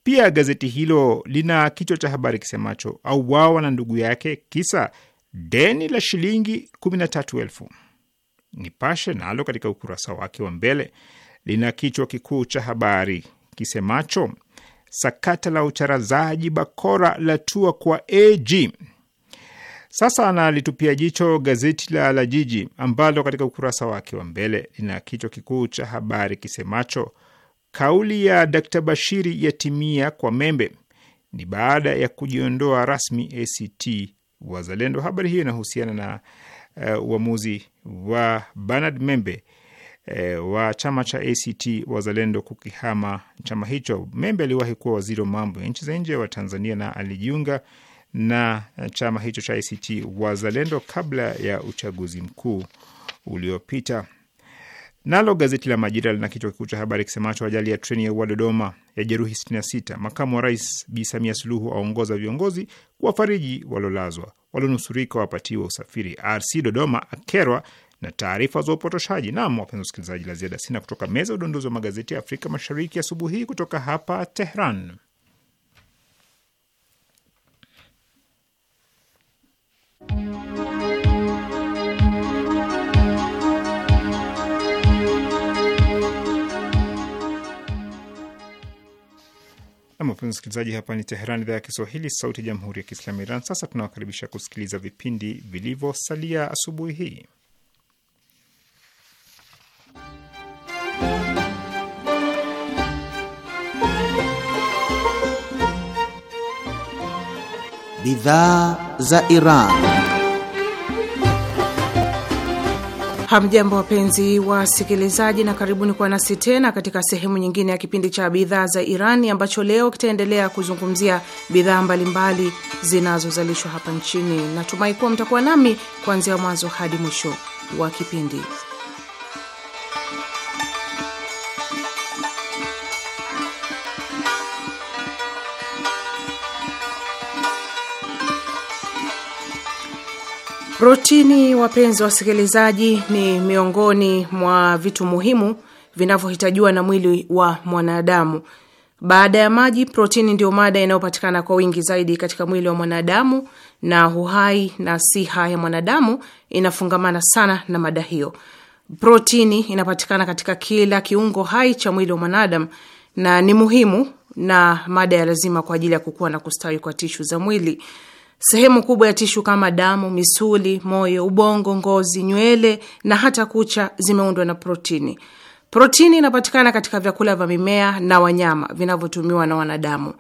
pia gazeti hilo lina kichwa cha habari kisemacho auawa na ndugu yake kisa deni la shilingi kumi na tatu elfu. Nipashe nalo katika ukurasa wake wa mbele lina kichwa kikuu cha habari kisemacho sakata la ucharazaji bakora la tua kwa AG. Sasa analitupia jicho gazeti la La Jiji ambalo katika ukurasa wake wa mbele lina kichwa kikuu cha habari kisemacho Kauli ya Dkt Bashiri yatimia kwa membe, ni baada ya kujiondoa rasmi ACT Wazalendo. Habari hiyo inahusiana na uh, uamuzi wa Bernard Membe uh, wa chama cha ACT Wazalendo kukihama chama hicho. Membe aliwahi kuwa waziri wa mambo ya nchi za nje wa Tanzania na alijiunga na chama hicho cha ACT Wazalendo kabla ya uchaguzi mkuu uliopita. Nalo gazeti la Majira lina kichwa kikuu cha habari kisemacho ajali ya treni ya ua Dodoma ya jeruhi 66. Makamu wa rais Bi Samia Suluhu aongoza viongozi kuwafariji walolazwa, walionusurika wapatiwa usafiri. RC Dodoma akerwa na taarifa za upotoshaji. Nam, wapenzi wasikilizaji, la ziada sina kutoka meza udondozi wa magazeti ya Afrika Mashariki asubuhi hii kutoka hapa Tehran. Wapenzi msikilizaji, hapa ni Teheran, idhaa ya Kiswahili, sauti ya jamhuri ya kiislamu Iran. Sasa tunawakaribisha kusikiliza vipindi vilivyosalia asubuhi hii. Bidhaa za Iran. Hamjambo, wapenzi wasikilizaji, na karibuni kuwa nasi tena katika sehemu nyingine ya kipindi cha bidhaa za Irani ambacho leo kitaendelea kuzungumzia bidhaa mbalimbali zinazozalishwa hapa nchini. Natumai kuwa mtakuwa nami kuanzia mwanzo hadi mwisho wa kipindi. Protini, wapenzi wasikilizaji, ni miongoni mwa vitu muhimu vinavyohitajiwa na mwili wa mwanadamu. Baada ya maji, protini ndio mada inayopatikana kwa wingi zaidi katika mwili wa mwanadamu, na uhai na siha ya mwanadamu inafungamana sana na mada hiyo. Protini inapatikana katika kila kiungo hai cha mwili wa mwanadamu na ni muhimu na mada ya lazima kwa ajili ya kukua na kustawi kwa tishu za mwili. Sehemu kubwa ya tishu kama damu, misuli, moyo, ubongo, ngozi, nywele na hata kucha zimeundwa na protini. Protini inapatikana katika vyakula vya mimea na wanyama vinavyotumiwa na wanadamu.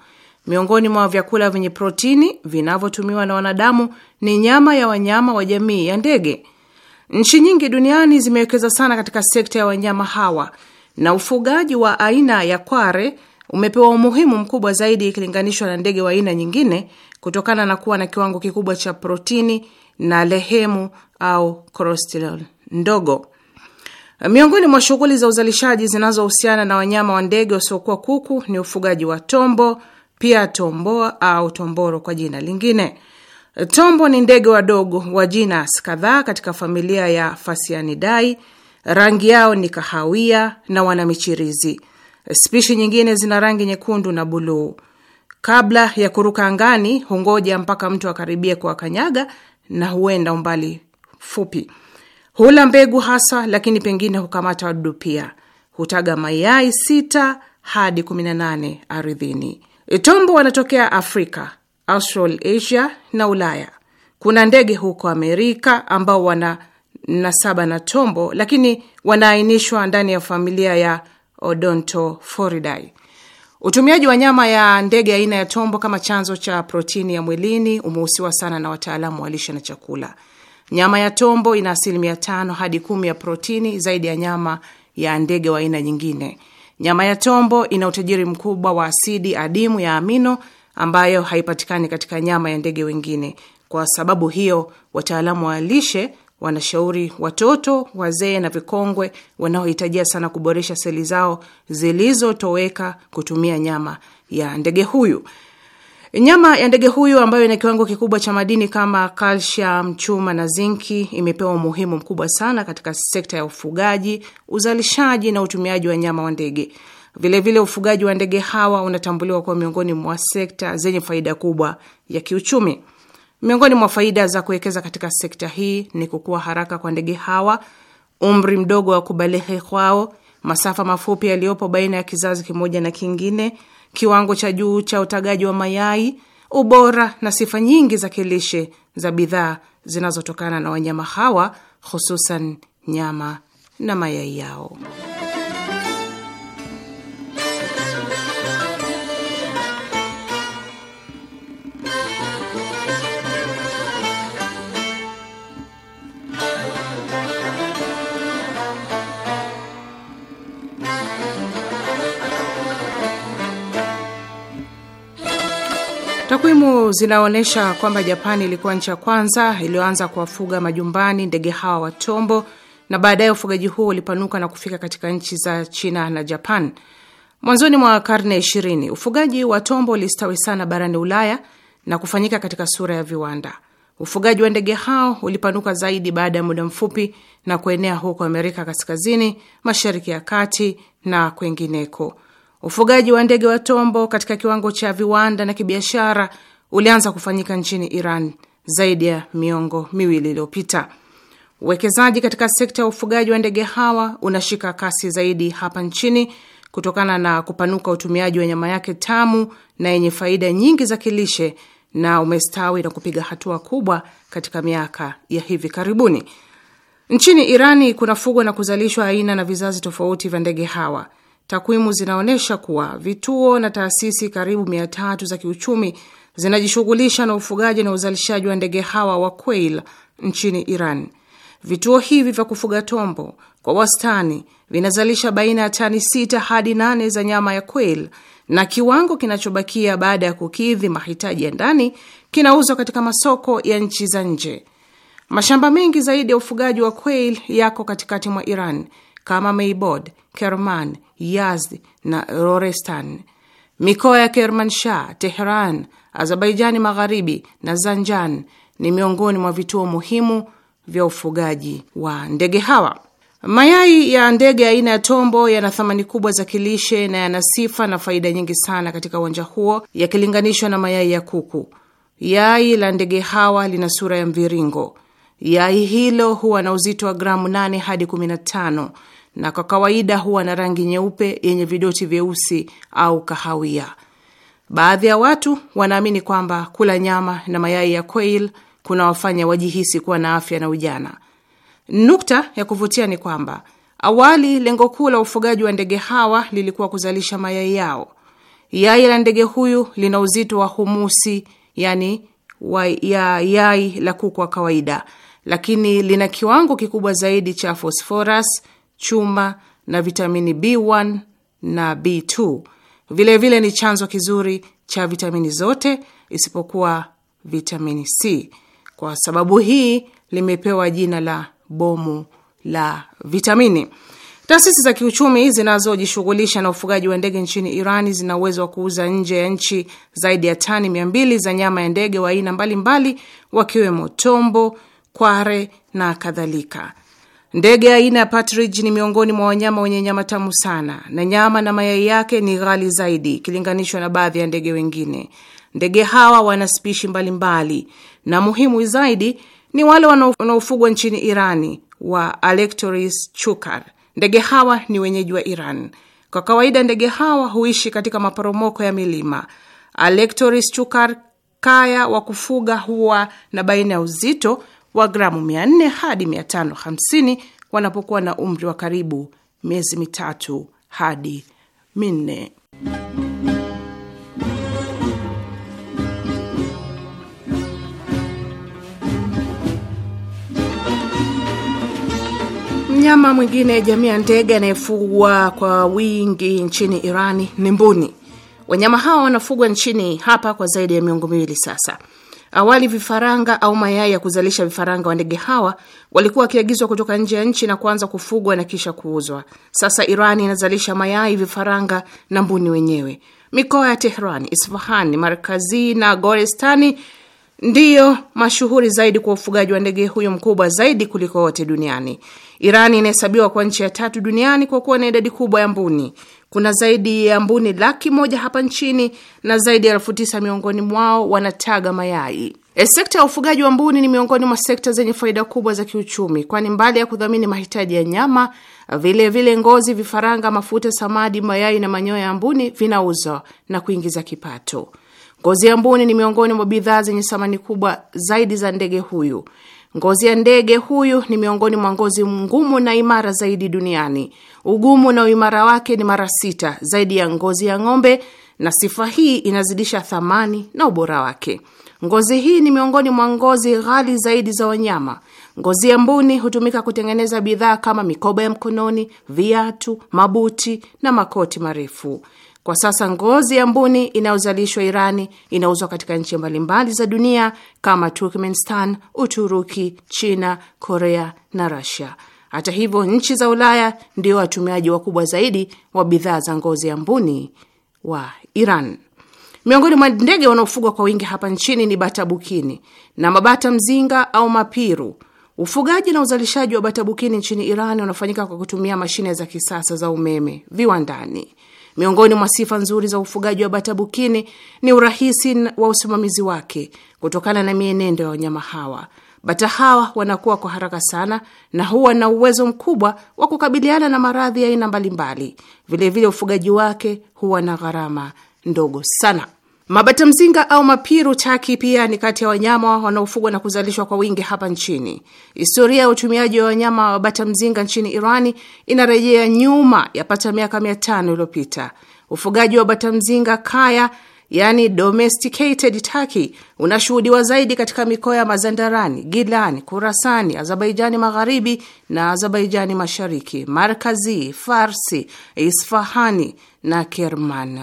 Miongoni mwa vyakula vyenye protini vinavyotumiwa na wanadamu ni nyama ya wanyama wa jamii ya ndege. Nchi nyingi duniani zimewekeza sana katika sekta ya wanyama hawa na ufugaji wa aina ya kware umepewa umuhimu mkubwa zaidi ikilinganishwa na ndege wa aina nyingine kutokana na kuwa na kiwango kikubwa cha protini na lehemu au cholesterol ndogo. Miongoni mwa shughuli za uzalishaji zinazohusiana na wanyama wa ndege wasiokuwa kuku ni ufugaji wa tombo, pia tomboa au tomboro kwa jina lingine. Tombo ni ndege wadogo wa genus kadhaa katika familia ya fasianidai Rangi yao ni kahawia na wana michirizi. Spishi nyingine zina rangi nyekundu na buluu. Kabla ya kuruka angani, hungoja mpaka mtu akaribie kuwakanyaga, na huenda umbali fupi. Hula mbegu hasa, lakini pengine hukamata wadudu pia. Hutaga mayai sita hadi 18 ardhini. Tombo wanatokea Afrika, Australasia na Ulaya. Kuna ndege huko Amerika ambao wana nasaba na tombo, lakini wanaainishwa ndani ya familia ya Odontoforidae. Utumiaji wa nyama ya ndege aina ya tombo kama chanzo cha protini ya mwilini umehusiwa sana na wataalamu wa lishe na chakula. Nyama ya tombo ina asilimia tano hadi kumi ya protini zaidi ya nyama ya ndege wa aina nyingine. Nyama ya tombo ina utajiri mkubwa wa asidi adimu ya amino ambayo haipatikani katika nyama ya ndege wengine. Kwa sababu hiyo, wataalamu wa lishe wanashauri watoto, wazee na vikongwe wanaohitajia sana kuboresha seli zao zilizotoweka kutumia nyama ya ndege huyu. Nyama ya ndege huyu ambayo ina kiwango kikubwa cha madini kama calcium, chuma na zinki imepewa umuhimu mkubwa sana katika sekta ya ufugaji, uzalishaji na utumiaji wa nyama wa ndege. Vilevile, ufugaji wa ndege hawa unatambuliwa kuwa miongoni mwa sekta zenye faida kubwa ya kiuchumi. Miongoni mwa faida za kuwekeza katika sekta hii ni kukua haraka kwa ndege hawa, umri mdogo wa kubalehe kwao, masafa mafupi yaliyopo baina ya kizazi kimoja na kingine, kiwango cha juu cha utagaji wa mayai, ubora na sifa nyingi za kilishe za bidhaa zinazotokana na wanyama hawa, hususan nyama na mayai yao. Takwimu zinaonyesha kwamba Japani ilikuwa nchi ya kwanza iliyoanza kuwafuga majumbani ndege hawa wa tombo, na baadaye ufugaji huo ulipanuka na kufika katika nchi za China na Japan. Mwanzoni mwa karne ya ishirini, ufugaji wa tombo ulistawi sana barani Ulaya na kufanyika katika sura ya viwanda. Ufugaji wa ndege hao ulipanuka zaidi baada ya muda mfupi na kuenea huko Amerika Kaskazini, Mashariki ya Kati na kwengineko. Ufugaji wa ndege wa tombo katika kiwango cha viwanda na kibiashara ulianza kufanyika nchini Iran zaidi ya miongo miwili iliyopita. Uwekezaji katika sekta ya ufugaji wa ndege hawa unashika kasi zaidi hapa nchini kutokana na kupanuka utumiaji wa nyama yake tamu na yenye faida nyingi za kilishe na umestawi na kupiga hatua kubwa katika miaka ya hivi karibuni. Nchini Irani fugwa na kuzalishwa aina na vizazi tofauti vya ndege hawa. Takwimu zinaonyesha kuwa vituo na taasisi karibu mia tatu za kiuchumi zinajishughulisha na ufugaji na uzalishaji wa ndege hawa wa quail nchini Iran. Vituo hivi vya kufuga tombo kwa wastani vinazalisha baina ya tani sita hadi nane za nyama ya quail, na kiwango kinachobakia baada ya kukidhi mahitaji ya ndani kinauzwa katika masoko ya nchi za nje. Mashamba mengi zaidi ya ufugaji wa quail yako katikati mwa Iran kama Meibod, Kerman, Yazd na Rorestan. Mikoa ya Kermanshah, Tehran, Azerbaijani Magharibi na Zanjan ni miongoni mwa vituo muhimu vya ufugaji wa ndege hawa. Mayai ya ndege aina ya tombo yana thamani kubwa za kilishe na yana sifa na faida nyingi sana katika uwanja huo yakilinganishwa na mayai ya kuku. Yai la ndege hawa lina sura ya mviringo. Yai hilo huwa na uzito wa gramu 8 hadi 15 na kwa kawaida huwa na rangi nyeupe yenye vidoti vyeusi au kahawia. Baadhi ya watu wanaamini kwamba kula nyama na mayai ya quail kunawafanya wajihisi kuwa na afya na ujana. Nukta ya kuvutia ni kwamba awali lengo kuu la ufugaji wa ndege hawa lilikuwa kuzalisha mayai yao. Yai la ndege huyu lina uzito wa humusi, yani wa ya yai la kuku wa kawaida, lakini lina kiwango kikubwa zaidi cha phosphorus chuma na vitamini B1 na B2. Vilevile vile ni chanzo kizuri cha vitamini zote isipokuwa vitamini C. Kwa sababu hii limepewa jina la bomu la vitamini. Taasisi za kiuchumi zinazojishughulisha na ufugaji wa ndege nchini Irani zina uwezo wa kuuza nje ya nchi zaidi ya tani mia mbili za nyama ya ndege wa aina mbalimbali wakiwemo tombo, kware na kadhalika. Ndege aina ya partridge ni miongoni mwa wanyama wenye nyama tamu sana, na nyama na mayai yake ni ghali zaidi ikilinganishwa na baadhi ya ndege wengine. Ndege hawa wana spishi mbalimbali, na muhimu zaidi ni wale wanaofugwa nchini Irani wa Alectoris chukar. Ndege hawa ni wenyeji wa Iran. Kwa kawaida ndege hawa huishi katika maporomoko ya milima. Alectoris chukar kaya wa kufuga huwa na baina ya uzito wa gramu 400 hadi 550 wanapokuwa na umri wa karibu miezi mitatu hadi minne. Mnyama mwingine jamii ya ndege anayefugwa kwa wingi nchini Irani ni mbuni. Wanyama hawa wanafugwa nchini hapa kwa zaidi ya miongo miwili sasa. Awali vifaranga au mayai ya kuzalisha vifaranga wa ndege hawa walikuwa wakiagizwa kutoka nje ya nchi na kuanza kufugwa na kisha kuuzwa. Sasa Iran inazalisha mayai, vifaranga na mbuni wenyewe. Mikoa ya Tehran, Isfahan, Markazi na Gorestani ndiyo mashuhuri zaidi kwa ufugaji wa ndege huyo mkubwa zaidi kuliko wote duniani. Iran inahesabiwa kwa nchi ya tatu duniani kwa kuwa na idadi kubwa ya mbuni. Kuna zaidi ya mbuni laki moja hapa nchini na zaidi ya elfu tisa miongoni mwao wanataga mayai. E, sekta ya ufugaji wa mbuni ni miongoni mwa sekta zenye faida kubwa za kiuchumi, kwani mbali ya kudhamini mahitaji ya nyama, vilevile vile ngozi, vifaranga, mafuta, samadi, mayai na manyoya ya mbuni vinauzwa na kuingiza kipato. Ngozi ya mbuni ni miongoni mwa bidhaa zenye thamani kubwa zaidi za ndege huyu, Ngozi ya ndege huyu ni miongoni mwa ngozi ngumu na imara zaidi duniani. Ugumu na uimara wake ni mara sita zaidi ya ngozi ya ng'ombe, na sifa hii inazidisha thamani na ubora wake. Ngozi hii ni miongoni mwa ngozi ghali zaidi za wanyama. Ngozi ya mbuni hutumika kutengeneza bidhaa kama mikoba ya mkononi, viatu, mabuti na makoti marefu. Kwa sasa ngozi ya mbuni inayozalishwa Irani inauzwa katika nchi mbalimbali za dunia kama Turkmenistan, Uturuki, China, Korea na Rasia. Hata hivyo, nchi za Ulaya ndio watumiaji wakubwa zaidi wa bidhaa za ngozi ya mbuni wa Iran. Miongoni mwa ndege wanaofugwa kwa wingi hapa nchini ni bata bukini na mabata mzinga au mapiru. Ufugaji na uzalishaji wa bata bukini nchini Iran unafanyika kwa kutumia mashine za kisasa za umeme viwandani. Miongoni mwa sifa nzuri za ufugaji wa bata bukini ni urahisi wa usimamizi wake kutokana na mienendo ya wanyama hawa. Bata hawa wanakuwa kwa haraka sana na huwa na uwezo mkubwa wa kukabiliana na maradhi ya aina mbalimbali. Vilevile ufugaji wake huwa na gharama ndogo sana. Mabatamzinga au mapiru taki pia ni kati ya wanyama wanaofugwa na kuzalishwa kwa wingi hapa nchini. Historia ya utumiaji wa wanyama wa batamzinga nchini Irani inarejea nyuma yapata miaka mia tano iliyopita. Ufugaji wa batamzinga kaya, yani domesticated turkey, unashuhudiwa zaidi katika mikoa ya Mazandarani, Gilani, Kurasani, Azerbaijani magharibi na Azerbaijani mashariki, Markazi, Farsi, Isfahani na Kerman.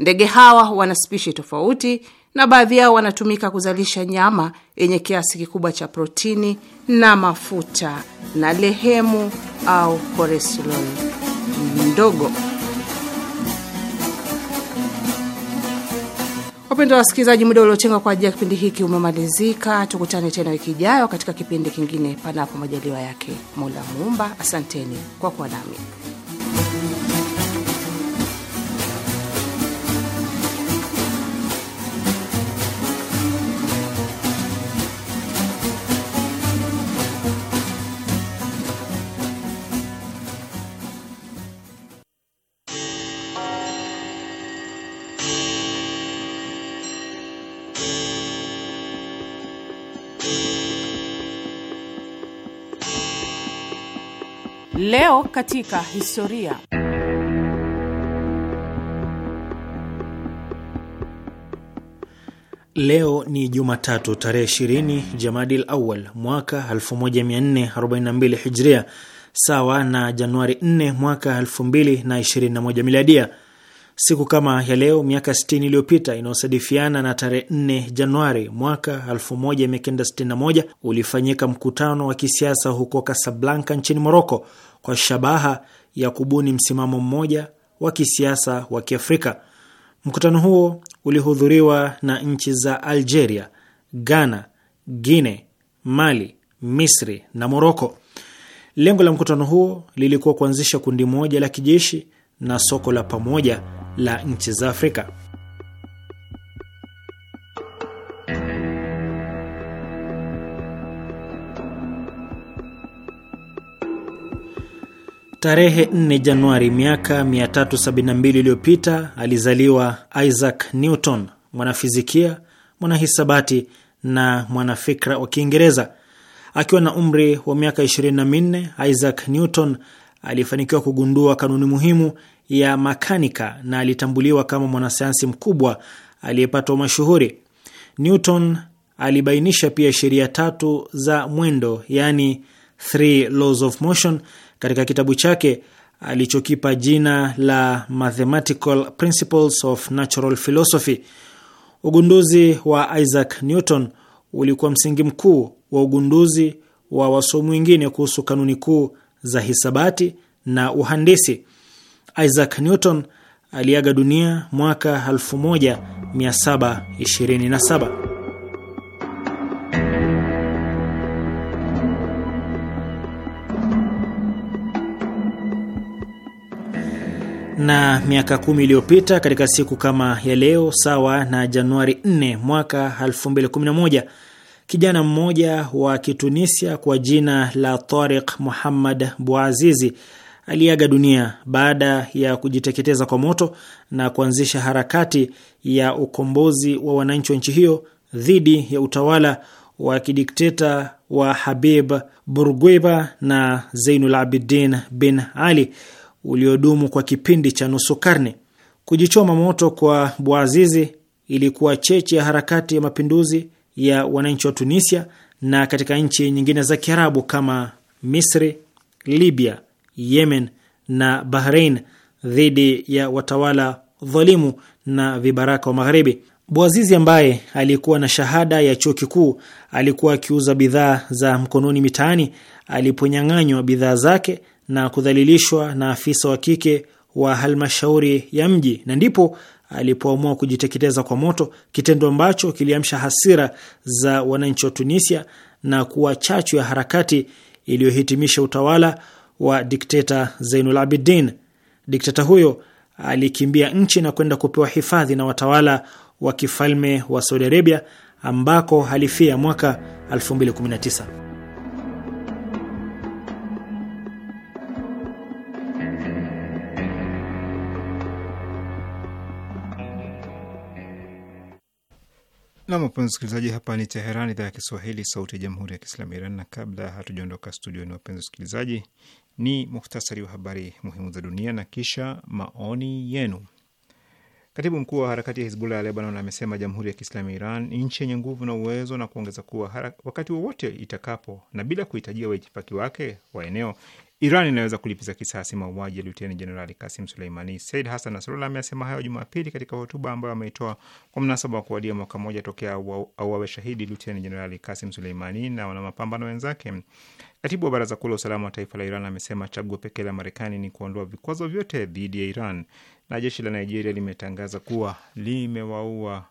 Ndege hawa wana spishi tofauti na baadhi yao wanatumika kuzalisha nyama yenye kiasi kikubwa cha protini na mafuta na lehemu au kolesterol ndogo. Wapendwa wasikilizaji, muda uliotengwa kwa ajili ya kipindi hiki umemalizika. Tukutane tena wiki ijayo katika kipindi kingine, panapo majaliwa yake Mola Muumba. Asanteni kwa kuwa nami. Leo katika historia. Leo ni Jumatatu tarehe 20 Jamadil Awal mwaka 1442 Hijria, sawa na Januari 4 mwaka 2021 Miladia. Siku kama ya leo miaka 60 iliyopita inayosadifiana na tarehe 4 Januari mwaka 1961 ulifanyika mkutano wa kisiasa huko Kasablanka nchini Moroko kwa shabaha ya kubuni msimamo mmoja wa kisiasa wa Kiafrika. Mkutano huo ulihudhuriwa na nchi za Algeria, Ghana, guine Mali, Misri na Moroko. Lengo la mkutano huo lilikuwa kuanzisha kundi moja la kijeshi na soko la pamoja la nchi za Afrika. Tarehe 4 Januari miaka 372 iliyopita alizaliwa Isaac Newton, mwanafizikia, mwanahisabati na mwanafikra wa Kiingereza. Akiwa na umri wa miaka 24, Isaac Newton alifanikiwa kugundua kanuni muhimu ya makanika na alitambuliwa kama mwanasayansi mkubwa aliyepatwa mashuhuri. Newton alibainisha pia sheria tatu za mwendo, yani three laws of motion katika kitabu chake alichokipa jina la Mathematical Principles of Natural Philosophy. Ugunduzi wa Isaac Newton ulikuwa msingi mkuu wa ugunduzi wa wasomi wengine kuhusu kanuni kuu za hisabati na uhandisi. Isaac Newton aliaga dunia mwaka 1727. na miaka kumi iliyopita katika siku kama ya leo, sawa na Januari 4 mwaka 2011, kijana mmoja wa Kitunisia kwa jina la Tariq Muhammad Bouazizi aliaga dunia baada ya kujiteketeza kwa moto na kuanzisha harakati ya ukombozi wa wananchi wa nchi hiyo dhidi ya utawala wa kidikteta wa Habib burgweba na Zeinul Abidin bin Ali uliodumu kwa kipindi cha nusu karne. Kujichoma moto kwa Bouazizi ilikuwa cheche ya harakati ya mapinduzi ya wananchi wa Tunisia na katika nchi nyingine za Kiarabu kama Misri, Libya, Yemen na Bahrein dhidi ya watawala dhalimu na vibaraka wa Magharibi. Bouazizi ambaye alikuwa na shahada ya chuo kikuu alikuwa akiuza bidhaa za mkononi mitaani. Aliponyang'anywa bidhaa zake na kudhalilishwa na afisa wa kike wa halmashauri ya mji, na ndipo alipoamua kujiteketeza kwa moto, kitendo ambacho kiliamsha hasira za wananchi wa Tunisia na kuwa chachu ya harakati iliyohitimisha utawala wa dikteta Zainul Abidin. Dikteta huyo alikimbia nchi na kwenda kupewa hifadhi na watawala wa kifalme wa Saudi Arabia ambako halifia mwaka 2019. Nam, wapenzi wasikilizaji, hapa ni Teheran, idhaa ya Kiswahili, sauti ya jamhuri ya kiislamu Iran. Na kabla hatujaondoka studioni, wapenzi wasikilizaji, ni muhtasari wa habari muhimu za dunia na kisha maoni yenu. Katibu mkuu wa harakati ya Hizbullah ya Lebanon amesema jamhuri ya kiislamu ya Iran ni nchi yenye nguvu na uwezo, na kuongeza kuwa wakati wowote itakapo na bila kuhitajia waitifaki wake wa eneo Iran inaweza kulipiza kisasi mauaji ya luteni jenerali Kasim Suleimani. Said Hassan Nasrallah amesema hayo Jumapili katika hotuba ambayo ameitoa kwa mnasaba wa kuwadia mwaka mmoja tokea auawe shahidi luteni jenerali Kasim Suleimani na wanamapambano wenzake. Katibu wa baraza kuu la usalama wa taifa la Iran amesema chaguo pekee la Marekani ni kuondoa vikwazo vyote dhidi ya Iran, na jeshi la Nigeria limetangaza kuwa limewaua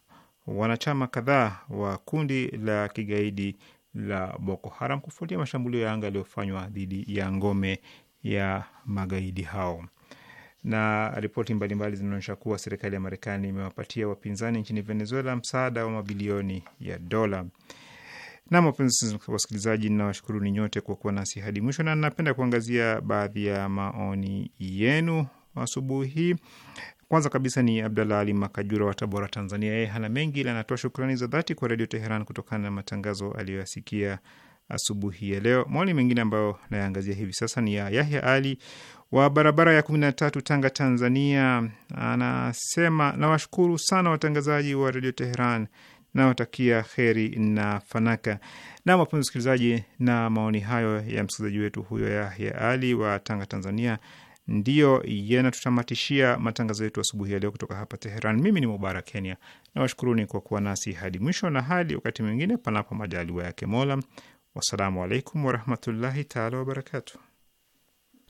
wanachama kadhaa wa kundi la kigaidi la Boko Haram kufuatia mashambulio ya anga yaliyofanywa dhidi ya ngome ya magaidi hao. Na ripoti mbalimbali zinaonyesha kuwa serikali ya Marekani imewapatia wapinzani nchini Venezuela msaada wa mabilioni ya dola. Nam, wapenzi wasikilizaji, nawashukuru ni nyote kwa kuwa nasi hadi mwisho, na napenda kuangazia baadhi ya maoni yenu asubuhi hii. Kwanza kabisa ni Abdallah Ali Makajura wa Tabora, Tanzania. Yeye hana mengi ila anatoa shukrani za dhati kwa Redio Teheran kutokana na matangazo aliyoyasikia asubuhi ya leo. Maoni mengine ambayo nayaangazia hivi sasa ni ya Yahya Ali wa barabara ya kumi na tatu, Tanga, Tanzania. Anasema, nawashukuru sana watangazaji wa Redio Teheran, nawatakia kheri na fanaka. Na wapenzi msikilizaji, na maoni hayo ya msikilizaji wetu huyo Yahya Ali wa Tanga, Tanzania ndiyo yanatutamatishia matangazo yetu asubuhi ya leo kutoka hapa Teheran. Mimi ni Mubarak Kenya na washukuruni kwa kuwa nasi hadi mwisho, na hadi wakati mwingine, panapo majaliwa yake Mola. Wassalamu alaikum warahmatullahi taala wabarakatu.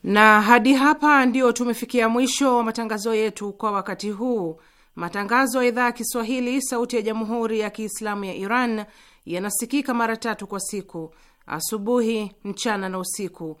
Na hadi hapa ndio tumefikia mwisho wa matangazo yetu kwa wakati huu. Matangazo ya idhaa ya Kiswahili sauti ya jamhuri ya Kiislamu ya Iran yanasikika mara tatu kwa siku: asubuhi, mchana na usiku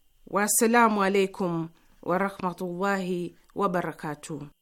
Waassalamu alaikum warahmatullahi wabarakatuh.